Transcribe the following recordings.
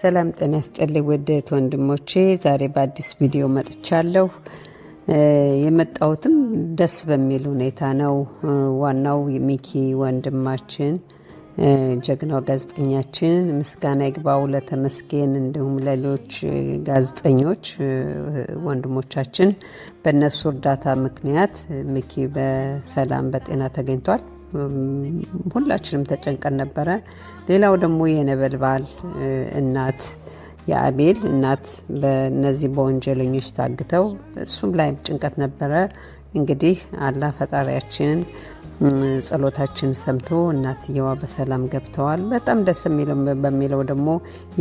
ሰላም ጤና ይስጥልኝ ውድ ወንድሞቼ፣ ዛሬ በአዲስ ቪዲዮ መጥቻለሁ። የመጣሁትም ደስ በሚል ሁኔታ ነው። ዋናው ሚኪ ወንድማችን ጀግናው ጋዜጠኛችን ምስጋና ይግባው ለተመስገን፣ እንዲሁም ለሌሎች ጋዜጠኞች ወንድሞቻችን በእነሱ እርዳታ ምክንያት ሚኪ በሰላም በጤና ተገኝቷል። ሁላችንም ተጨንቀን ነበረ። ሌላው ደግሞ የነበልባል እናት የአቤል እናት በነዚህ በወንጀለኞች ታግተው እሱም ላይ ጭንቀት ነበረ። እንግዲህ አላህ ፈጣሪያችንን ጸሎታችን ሰምቶ እናትየዋ በሰላም ገብተዋል። በጣም ደስ የሚለው በሚለው ደግሞ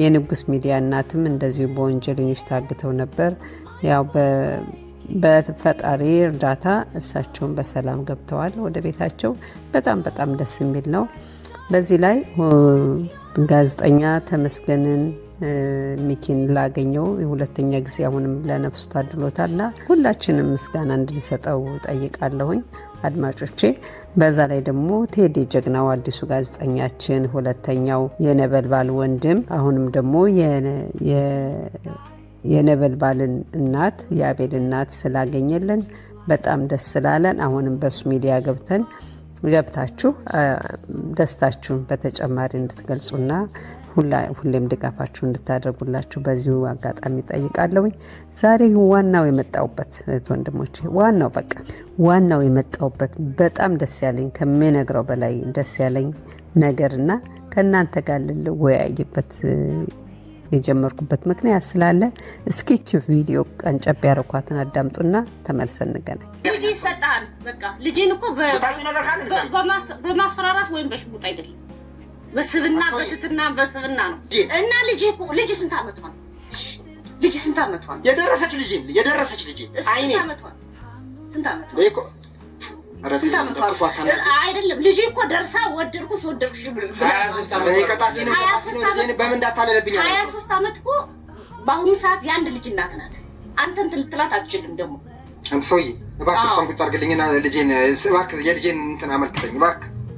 የንጉስ ሚዲያ እናትም እንደዚሁ በወንጀለኞች ታግተው ነበር ያው በፈጣሪ እርዳታ እሳቸውን በሰላም ገብተዋል ወደ ቤታቸው። በጣም በጣም ደስ የሚል ነው። በዚህ ላይ ጋዜጠኛ ተመስገንን ሚኪን ላገኘው የሁለተኛ ጊዜ አሁንም ለነፍሱ ታድሎታልና ሁላችንም ምስጋና እንድንሰጠው ጠይቃለሁኝ። አድማጮቼ በዛ ላይ ደግሞ ቴዲ ጀግናው አዲሱ ጋዜጠኛችን ሁለተኛው የነበልባል ወንድም አሁንም ደግሞ የነበልባልን እናት የአቤል እናት ስላገኘልን በጣም ደስ ስላለን አሁንም በሱ ሚዲያ ገብተን ገብታችሁ ደስታችሁን በተጨማሪ እንድትገልጹና ሁሌም ድጋፋችሁ እንድታደርጉላችሁ በዚሁ አጋጣሚ ጠይቃለሁኝ። ዛሬ ዋናው የመጣውበት ወንድሞች፣ ዋናው በቃ ዋናው የመጣውበት በጣም ደስ ያለኝ ከሚነግረው በላይ ደስ ያለኝ ነገርና ከእናንተ ጋር ልወያይበት የጀመርኩበት ምክንያት ስላለ እስኪች ቪዲዮ ቀንጨብ ያደረኳትን አዳምጡና ተመልሰን እንገናኝ። ልጅ ይሰጣል። በቃ ልጅን እኮ በማስፈራራት ወይም በሽሙጥ አይደለም፣ በስብና በትትና በስብና ነው። እና ልጅ ልጅ ስንት አመት ነው? ልጅ ስንት አመት ነው? የደረሰች ልጅ የደረሰች ልጅ ስንት አይኔ ስንት አመት ነው? አይደለም ልጄ እኮ ደርሳ ወደድኩሽ ወደድኩሽ ሀያ እኮ በአሁኑ ሰዓት የአንድ ልጅ እናት ናት። አትችልም። ደግሞ ሰውዬ እባክህ እሷን አድርግልኝና ልጄን እባክህ የልጄን እንትን አመልክተኝ እባክህ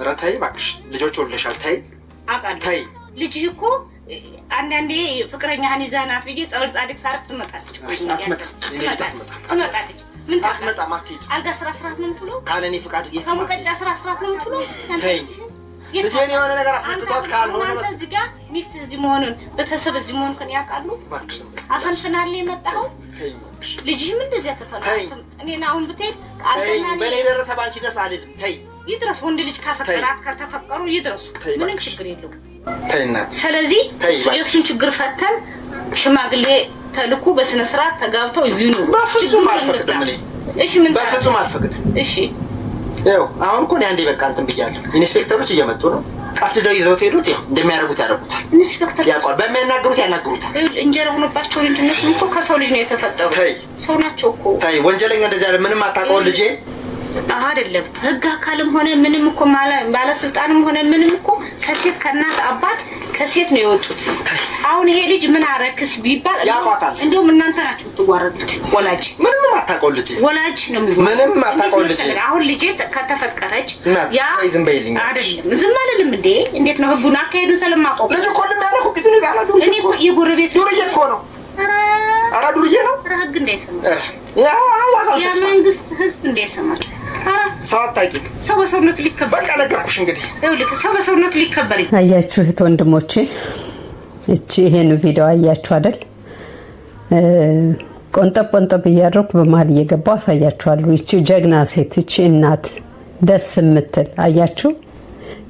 ኧረ ተይ እባክሽ ልጆች ወልደሻል። ተይ ተይ ልጅህ እኮ አንዳንዴ ፍቅረኛህን ይዘህ ናት ብዬ ጸበል ጻድቅ ሳርቅ ትመጣለች። የሆነ ነገር አስመጥቷት ካልሆነ እዚህ ሚስት እዚህ መሆኑን ቤተሰብ እዚህ መሆኑን ያውቃሉ። የመጣኸው ልጅህም እንደዚያ ተፈላ። እኔን አሁን ብትሄድ ደረሰ ደስ ተይ ይድረስ። ወንድ ልጅ ካፈቀራት ከተፈቀሩ ይድረሱ፣ ምንም ችግር የለውም። ስለዚህ የእሱን ችግር ፈተን ሽማግሌ ተልኩ በስነ ስርዓት ተጋብተው ይኑሩ። በፍጹም አልፈቅድም። እሺ፣ ምን በፍጹም አልፈቅድም። እሺ፣ ያው አሁን እኮ አንዴ በቃ እንትን ብያለሁ። ኢንስፔክተሮች እየመጡ ነው። ቀፍድደው ይዘውት ሄዱት። ያው እንደሚያደርጉት ያደርጉታል። ኢንስፔክተር ያቋል፣ በሚያናግሩት ያናግሩታል። እንጀራ ሆኖባቸው እንጂ እነሱ እኮ ከሰው ልጅ ነው የተፈጠሩ፣ ሰው ናቸው እኮ። ታይ ወንጀለኛ እንደዚህ ያለ ምንም አታውቀውን ልጄ አይደለም ህግ አካልም ሆነ ምንም እኮ ባለስልጣንም ሆነ ምንም እኮ ከሴት ከእናት አባት ከሴት ነው የወጡት። አሁን ይሄ ልጅ ምን አረክስ ቢባል እንዲሁም እናንተ ናችሁ የምትዋረዱት። ወላጅ ምንም አታውቀው ልጅ ወላጅ ነው ምንም አታውቀው ልጅ። አሁን ልጅ ከተፈቀረች ያ ዝም በይልኝ አይደለም ዝም አልልም እንዴ! እንዴት ነው ህጉን አካሄዱ ስለማውቀው ልጅ እኮ ለማለኩ ቢትሪ ጋላ ዱር እኔ የጎረቤት ዱርዬ እኮ ነው አራ ዱርዬ ነው ህግ እንዳይሰማ ያ መንግስት ህዝብ እንዳይሰማ ሰው አታውቂም። ሰው በሰውነቱ ሊከበር በቃ ነገርኩሽ። እንግዲህ ሰው በሰውነቱ ሊከበር አያችሁ፣ እህት ወንድሞቼ፣ እቺ ይሄን ቪዲዮ አያችሁ አይደል? ቆንጠብ ቆንጠብ እያደረኩ በመሀል እየገባው አሳያችኋለሁ። ይቺ ጀግና ሴት፣ ይቺ እናት ደስ የምትል አያችሁ።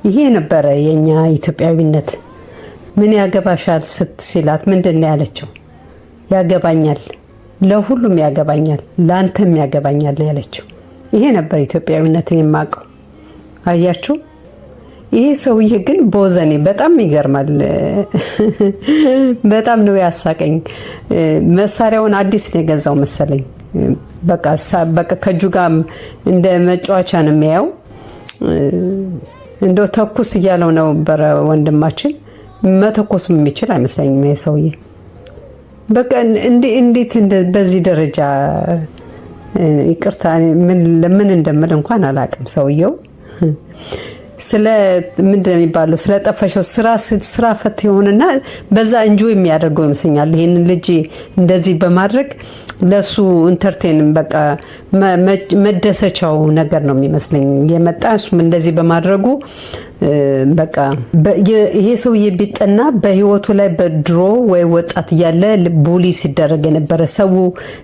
ይሄ ነበረ የእኛ ኢትዮጵያዊነት። ምን ያገባሻል ስትላት ምንድን ነው ያለችው? ያገባኛል፣ ለሁሉም ያገባኛል፣ ለአንተም ያገባኛል ነው ያለችው። ይሄ ነበር ኢትዮጵያዊነትን የማውቀው። አያችሁ፣ ይሄ ሰውዬ ግን ቦዘኔ በጣም ይገርማል። በጣም ነው ያሳቀኝ። መሳሪያውን አዲስ ነው የገዛው መሰለኝ። በቃ ከእጁ ጋር እንደ መጫወቻ ነው የሚያየው። እንደው ተኩስ እያለው ነው ነበረ ወንድማችን። መተኮስ የሚችል አይመስለኝም ይሄ ሰውዬ በቃ እንዴት በዚህ ደረጃ ይቅርታ ለምን እንደምል እንኳን አላውቅም። ሰውየው ስለ ምንድን ነው የሚባለው ጠፈሸው ስራ ፈት የሆነና በዛ እንጆ የሚያደርገው ይመስለኛል። ይህንን ልጅ እንደዚህ በማድረግ ለሱ ኢንተርቴን በቃ መደሰቻው ነገር ነው የሚመስለኝ የመጣ እሱም እንደዚህ በማድረጉ በቃ ይሄ ሰውዬ ቢጠና በህይወቱ ላይ በድሮ ወይ ወጣት እያለ ቡሊ ሲደረግ የነበረ ሰው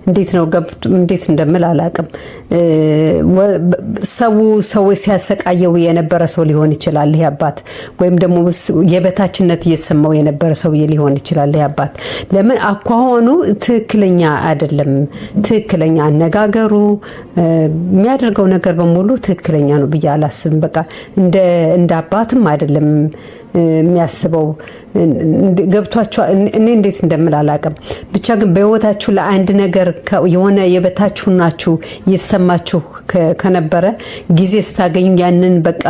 እንዴት ነው እንዴት እንደምል አላቅም። ሰው ሰው ሲያሰቃየው የነበረ ሰው ሊሆን ይችላል ይሄ አባት፣ ወይም ደግሞ የበታችነት እየሰማው የነበረ ሰውዬ ሊሆን ይችላል ይሄ አባት። ለምን አኳሆኑ ትክክለኛ አይደለም። ትክክለኛ አነጋገሩ፣ የሚያደርገው ነገር በሙሉ ትክክለኛ ነው ብዬ አላስብም። በቃ እንደ አባትም አይደለም የሚያስበው ገብቷቸው እኔ እንዴት እንደምል አላውቅም። ብቻ ግን በህይወታችሁ ለአንድ ነገር የሆነ የበታችሁ ናችሁ እየተሰማችሁ ከነበረ ጊዜ ስታገኙ ያንን በቃ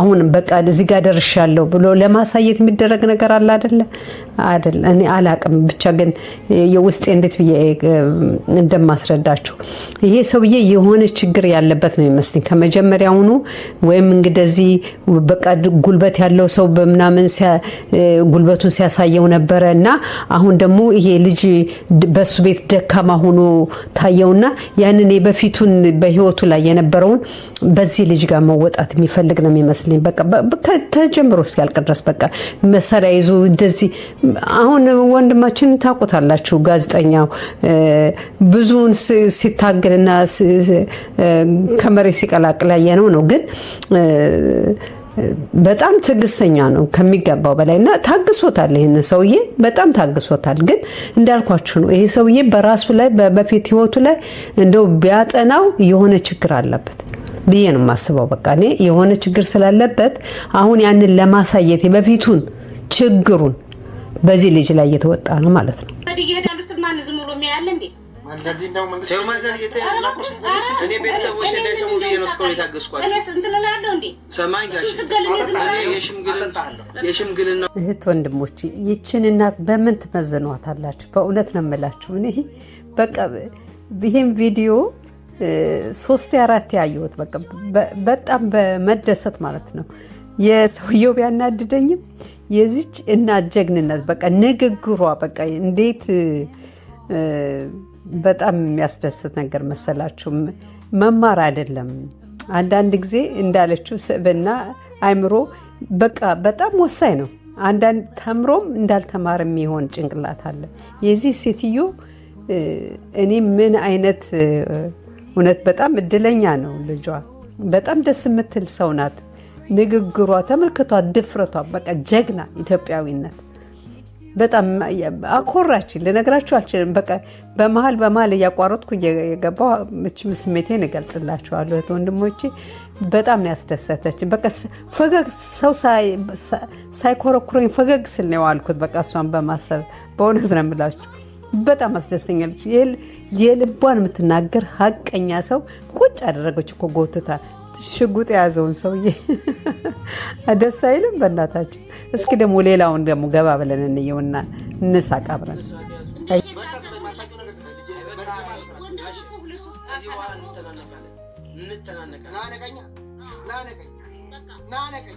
አሁን በቃ እዚህ ጋር ደርሻለሁ ብሎ ለማሳየት የሚደረግ ነገር አለ አደለ? አይደለ? እኔ አላውቅም። ብቻ ግን የውስጤ እንዴት ብዬ እንደማስረዳችሁ ይሄ ሰውዬ የሆነ ችግር ያለበት ነው ይመስለኝ ከመጀመሪያውኑ ወይም እንግደዚህ በቃ ጉልበት ያለው ሰው በምናምን ጉልበቱን ሲያሳየው ነበረ እና አሁን ደግሞ ይሄ ልጅ በሱ ቤት ደካማ ሆኖ ታየውና ያንን የበፊቱን በህይወቱ ላይ የነበረውን በዚህ ልጅ ጋር መወጣት የሚፈልግ ነው የሚመስለኝ። በቃ ተጀምሮ እስኪያልቅ ድረስ በቃ መሳሪያ ይዞ እንደዚህ አሁን ወንድማችን ታውቁታላችሁ፣ ጋዜጠኛው ብዙውን ሲታገልና ከመሬት ሲቀላቅል ያየነው ነው ግን በጣም ትዕግስተኛ ነው ከሚገባው በላይ እና ታግሶታል። ይህን ሰውዬ በጣም ታግሶታል። ግን እንዳልኳችሁ ነው ይሄ ሰውዬ በራሱ ላይ በፊት ህይወቱ ላይ እንደው ቢያጠናው የሆነ ችግር አለበት ብዬ ነው የማስበው። በቃ እኔ የሆነ ችግር ስላለበት አሁን ያንን ለማሳየት በፊቱን ችግሩን በዚህ ልጅ ላይ እየተወጣ ነው ማለት ነው። እኔ ቤተሰቦች እንዳይሰሙ ብዬ ነው እስካሁን የታገስኳቸው። እህት ወንድሞች፣ ይችን እናት በምን ትመዝኗታላችሁ? በእውነት ነው የምላችሁ። እኔ በቃ ይህም ቪዲዮ ሶስት አራት ያየሁት በቃ በጣም በመደሰት ማለት ነው። የሰውየው ቢያናድደኝም የዚች እናት ጀግንነት በቃ ንግግሯ በቃ እንዴት በጣም የሚያስደስት ነገር መሰላችሁ። መማር አይደለም አንዳንድ ጊዜ እንዳለችው ስብዕና አይምሮ በቃ በጣም ወሳኝ ነው። አንዳንድ ተምሮም እንዳልተማር የሚሆን ጭንቅላት አለ። የዚህ ሴትዮ እኔ ምን አይነት እውነት በጣም እድለኛ ነው ልጇ። በጣም ደስ የምትል ሰው ናት። ንግግሯ ተመልክቷ፣ ድፍረቷ በቃ ጀግና ኢትዮጵያዊነት በጣም አኮራችን ልነግራችሁ አልችልም። በቃ በመሀል በመሀል እያቋረጥኩ የገባው ምችም ስሜቴን እገልጽላችኋለሁ። ወንድሞቼ በጣም ነው ያስደሰተችን። በቃ ፈገግ ሰው ሳይኮረኩረኝ ፈገግ ስል ነው የዋልኩት። በቃ እሷን በማሰብ በእውነት ነው የምላችሁ በጣም አስደስተኛለች። የልቧን የምትናገር ሀቀኛ ሰው ቁጭ አደረገች እኮ ጎትታ ሽጉጥ የያዘውን ሰውዬ ደስ አይልም። በእናታችን እስኪ ደግሞ ሌላውን ደግሞ ገባ ብለን እንየውና እንሳቅ አብረን። ናነቀኛ ናነቀኛ ናነቀኛ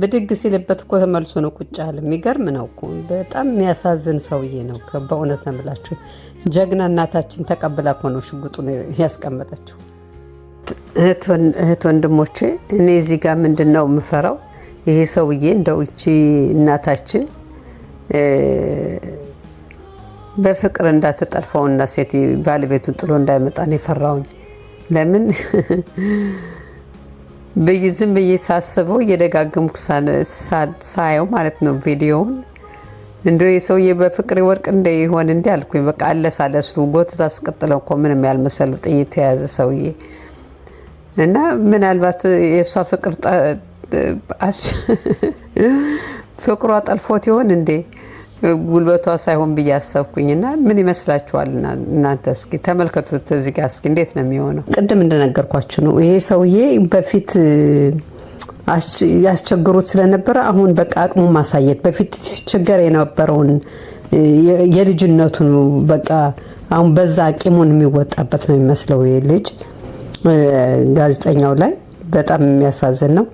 ብድግ ሲልበት እኮ ተመልሶ ነው ቁጭ አለ። የሚገርም ነው እኮ በጣም የሚያሳዝን ሰውዬ ነው። በእውነት ነው የምላችሁ። ጀግና እናታችን ተቀብላ እኮ ነው ሽጉጡን ያስቀመጠችው። እህት ወንድሞቼ፣ እኔ እዚህ ጋር ምንድን ነው የምፈራው? ይሄ ሰውዬ እንደው ይቺ እናታችን በፍቅር እንዳትጠልፈውና ሴት ባለቤቱን ጥሎ እንዳይመጣን የፈራውኝ። ለምን ዝም ብዬ ሳስበው እየደጋገምኩ ሳየው ማለት ነው ቪዲዮውን እንደ የሰውዬ በፍቅሬ ወርቅ እንደ ይሆን እንዲ አልኩኝ። በቃ አለሳለሱ ጎትታ አስቀጥለው እኮ ምንም ያልመሰሉ ጥይት የያዘ ሰውዬ እና ምናልባት የእሷ ፍቅር ፍቅሯ ጠልፎት ይሆን እንዴ? ጉልበቷ ሳይሆን ብዬ አሰብኩኝና ምን ይመስላችኋል እናንተ እስኪ ተመልከቱት። እዚህ ጋር እስኪ እንዴት ነው የሚሆነው? ቅድም እንደነገርኳችሁ ነው። ይሄ ሰውዬ በፊት ያስቸግሩት ስለነበረ አሁን በቃ አቅሙ ማሳየት በፊት ሲቸገር የነበረውን የልጅነቱን በቃ አሁን በዛ ቂሙን የሚወጣበት ነው የሚመስለው ይሄ ልጅ ጋዜጠኛው ላይ በጣም የሚያሳዝን ነው።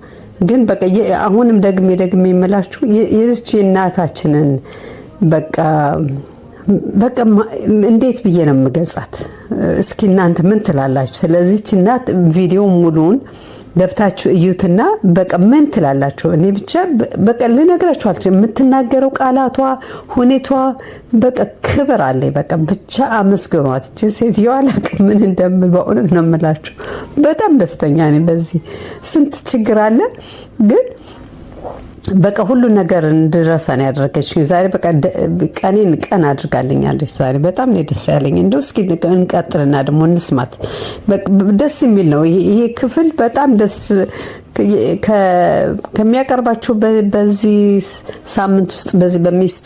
ግን በቃ አሁንም ደግሜ ደግሜ የምላችሁ የዚች እናታችንን በቃ በቃ እንዴት ብዬ ነው የምገልጻት? እስኪ እናንተ ምን ትላላችሁ? ስለዚች እናት ቪዲዮ ሙሉውን ገብታችሁ እዩትና በቃ ምን ትላላችሁ? እኔ ብቻ በቃ ልነግራችሁ አልችል። የምትናገረው ቃላቷ፣ ሁኔቷ በቃ ክብር አለ። በቃ ብቻ አመስግኗት እችን ሴትዮዋ አላውቅም ምን እንደምል። በእውነት ነው የምላችሁ፣ በጣም ደስተኛ ነኝ። በዚህ ስንት ችግር አለ ግን በቃ ሁሉ ነገር እንድረሳ ነው ያደረገችኝ ዛሬ በቃ ቀኔን ቀን አድርጋልኛለች። ዛሬ በጣም ነው ደስ ያለኝ። እንደው እስኪ እንቀጥልና ደግሞ እንስማት። ደስ የሚል ነው ይሄ ክፍል በጣም ደስ ከሚያቀርባቸው በዚህ ሳምንት ውስጥ በዚህ በሚስቱ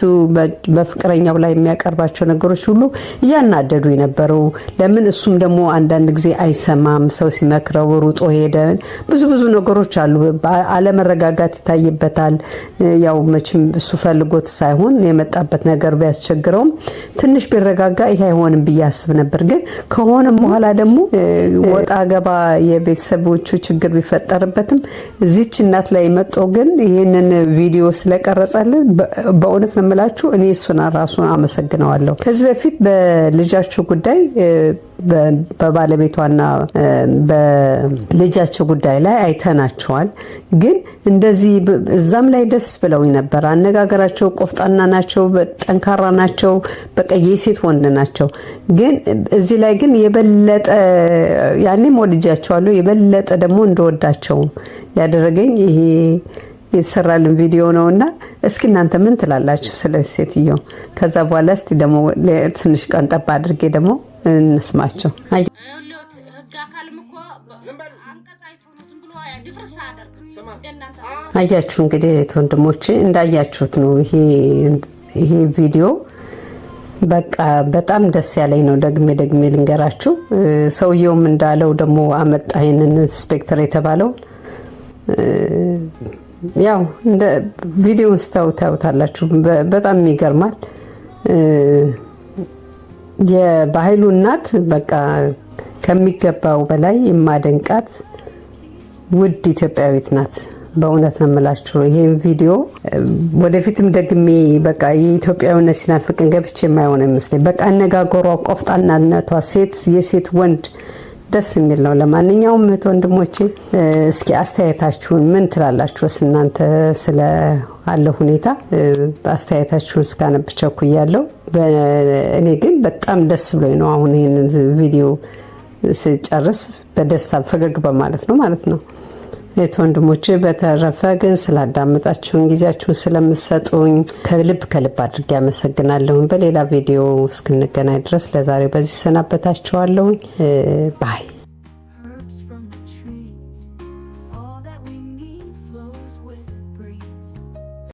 በፍቅረኛው ላይ የሚያቀርባቸው ነገሮች ሁሉ እያናደዱ የነበረው ለምን እሱም ደግሞ አንዳንድ ጊዜ አይሰማም፣ ሰው ሲመክረው ሩጦ ሄደ። ብዙ ብዙ ነገሮች አሉ። አለመረጋጋት ይታይበታል። ያው መቼም እሱ ፈልጎት ሳይሆን የመጣበት ነገር ቢያስቸግረውም ትንሽ ቢረጋጋ ይሄ አይሆንም ብዬ አስብ ነበር። ግን ከሆነም በኋላ ደግሞ ወጣ ገባ የቤተሰቦቹ ችግር ቢፈጠርበትም አላውቅም። እዚች እናት ላይ መጦ ግን ይህንን ቪዲዮ ስለቀረጸልን በእውነት ነው የምላችሁ እኔ እሱን ራሱን አመሰግነዋለሁ። ከዚህ በፊት በልጃቸው ጉዳይ በባለቤቷና በልጃቸው ጉዳይ ላይ አይተናቸዋል። ግን እንደዚህ እዛም ላይ ደስ ብለውኝ ነበር። አነጋገራቸው ቆፍጣና ናቸው፣ ጠንካራ ናቸው፣ በቃ የሴት ወንድ ናቸው። ግን እዚህ ላይ ግን የበለጠ ያኔም ወድጃቸዋለሁ። የበለጠ ደግሞ እንደወዳቸው ያደረገኝ ይሄ የተሰራልን ቪዲዮ ነው እና እስኪ እናንተ ምን ትላላችሁ ስለ ሴትየው? ከዛ በኋላ እስቲ ደግሞ ትንሽ ቀን ጠባ አድርጌ ደግሞ እንስማቸው። አያችሁ እንግዲህ ወንድሞቼ እንዳያችሁት ነው ይሄ ቪዲዮ በቃ በጣም ደስ ያለኝ ነው። ደግሜ ደግሜ ልንገራችሁ። ሰውየውም እንዳለው ደግሞ አመጣ ይህንን ኢንስፔክተር የተባለውን ያው ቪዲዮውን ስታዩት ታዩታላችሁ። በጣም ይገርማል። የባህሉ እናት በቃ ከሚገባው በላይ የማደንቃት ውድ ኢትዮጵያዊት ናት። በእውነት ነው የምላችሁ። ይህም ቪዲዮ ወደፊትም ደግሜ በቃ የኢትዮጵያዊነት ሲናፍቅን ገብቼ የማይሆን ይመስለኝ በቃ አነጋገሯ፣ ቆፍጣናነቷ ሴት የሴት ወንድ ደስ የሚል ነው። ለማንኛውም እህት ወንድሞቼ እስኪ አስተያየታችሁን ምን ትላላችሁ? እናንተ ስለ አለ ሁኔታ አስተያየታችሁን እስካነብ ቸኩያለሁ። እኔ ግን በጣም ደስ ብሎኝ ነው አሁን ይህንን ቪዲዮ ስጨርስ በደስታ ፈገግ በማለት ነው ማለት ነው እህት ወንድሞች በተረፈ ግን ስላዳመጣችሁን፣ ጊዜያችሁ ስለምሰጡኝ ከልብ ከልብ አድርጌ አመሰግናለሁን። በሌላ ቪዲዮ እስክንገናኝ ድረስ ለዛሬው በዚህ ሰናበታችኋለሁኝ። ባይ